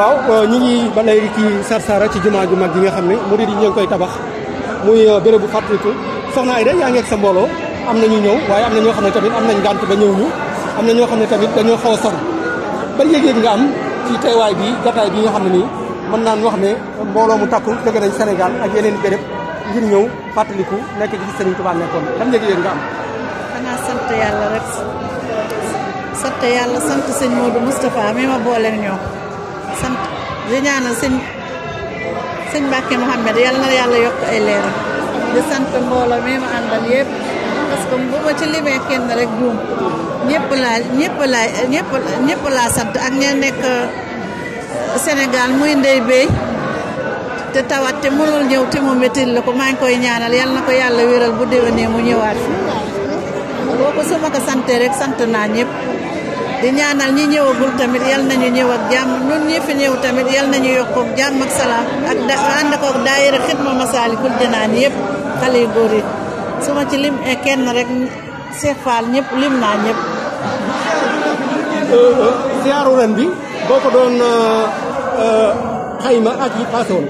waaw euh, ñi ngi ba léegi ci Sarsara ci jumaa jumaat mag nga xam ne murid di ñu ngi koy tabax muy euh, béréb bu fàttaliku soxna Ayda yaa ngi sa mbooloo am na ñu ñëw waaye am na ñoo xam ne tamit am nañ gànt ba ñëw ñu am na ñoo xam ne tamit dañoo xaw a ba yëg-yëg nga am ci teewaay bi jataay bi nga xam ne nii mën naan wax ne mbooloo mu takku dëgg nañ Sénégal ak yeneen béréb ngir ñëw fàttaliku nekk ci Sëriñ Tuubaa nekkoon ban yëg-yëg nga am xanaa sant yàlla rek sant yàlla sant sëñ Modou Moustapha ma boole ñoom sant di ñaanal sëñ sëñ Mbàkke Mouhamed yal na yàlla yokk ay leer di sant mbooloo mi ma àndal yëpp bu ma ci limee kenn rek juum ñëpp laa ñëpp laa laa sant ak ña nekk Sénégal muy ndey béy te tawat te mënul ñëw te mu métti la ko maa ngi koy ñaanal yal na ko yàlla wéral bu déwénee mu ñëwaat boo ko su ma ko santee rek sant naa ñëpp. di ñaanal ñi ñëwagul tamit yal nañu ñëw ak jàmm ñun ñi fi ñëw tamit yal nañu yokk jàmm ak salaam ak da ànd koog daayira xidma Masaalikul Jinaan yëpp xale yu góor yi su ma ci lim eh, kenn rek Cheikh Fall ñëpp lim naa ñëpp. Euh, euh, siyaaru ren bi boo ko doon euh, xayma at yi passé woon.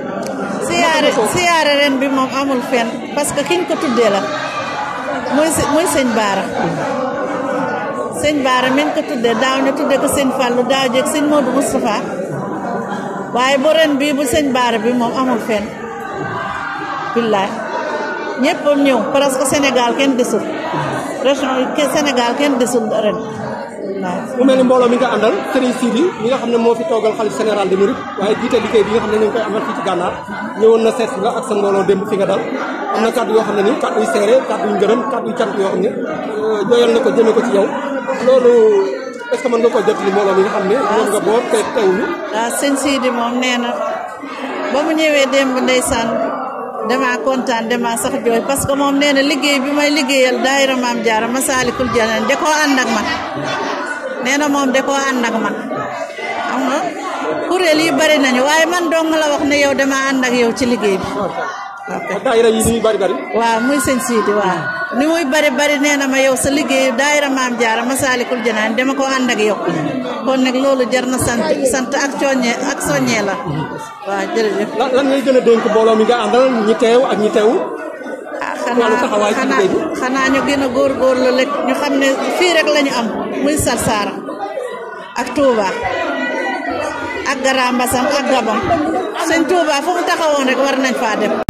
siyaare siyaare ren bi moom amul fenn parce que kiñ ko tuddee la muy muy sëñ Baara. sen Baara mi ko tudde daaw ne tudde ko sëñ fallu daaw jeeg sëñ Modou Moustapha waaye bu ren bii bu sëñ Baara bi moom amul fenn billaay ñëpp ñëw presque Sénégal kenn desul région yi Sénégal kenn desul ren waaw. mu mel ni mbooloo mi nga àndal Serigne Sidi mi nga xam ne moo fi toogal xalif général de Mouride waaye jiite liggéey bi nga xam ne ñu ngi koy amal fii ci gànnaar ñëwoon na seet nga ak sa mbooloo démb fi nga dal am na kàddu yoo xam ne nii kàddu yu seere kàddu yu ngërëm kàddu yu cant yoo xam ne euh, jooyal na ko jëme ko ci yow. loolu est-ce que mën nga ko jot li mbooloo mi xam ne. waaw nga boor te teewlu. waaw ah, sëñ moom nee ba mu ñëwee démb ndeysaan damaa kontaan damaa sax jooy parce que moom nee na liggéey bi may liggéeyal daayira ma jaara Masaalikul Jinaan de koo ànd ak man na moom da koo ànd ak man xam nga yi bari nañu waaye man dong la wax ne yow damaa ànd ak yow ci liggéey bi. Ah, ah, waaw muy sëñ Sidi waaw. li muy bari bari nee na ma yow sa liggéey daayira maam jaara masaalikul janaan dama ko ànd ak yow kon nag loolu jar na sant sant ak soññee ak soññee la waaw jërëjëf lan ngay gën a dénk mbooloo mi nga àndal ñi teew ak ñi teew ah, xanaa xanaa ñu gën a góorgóorlu rek ñu xam fii rek lañu am muy Sarsara ak Touba ak Grand Bassam ak Gabon sëñ Touba fu mu taxawoon rek war nañ faa dem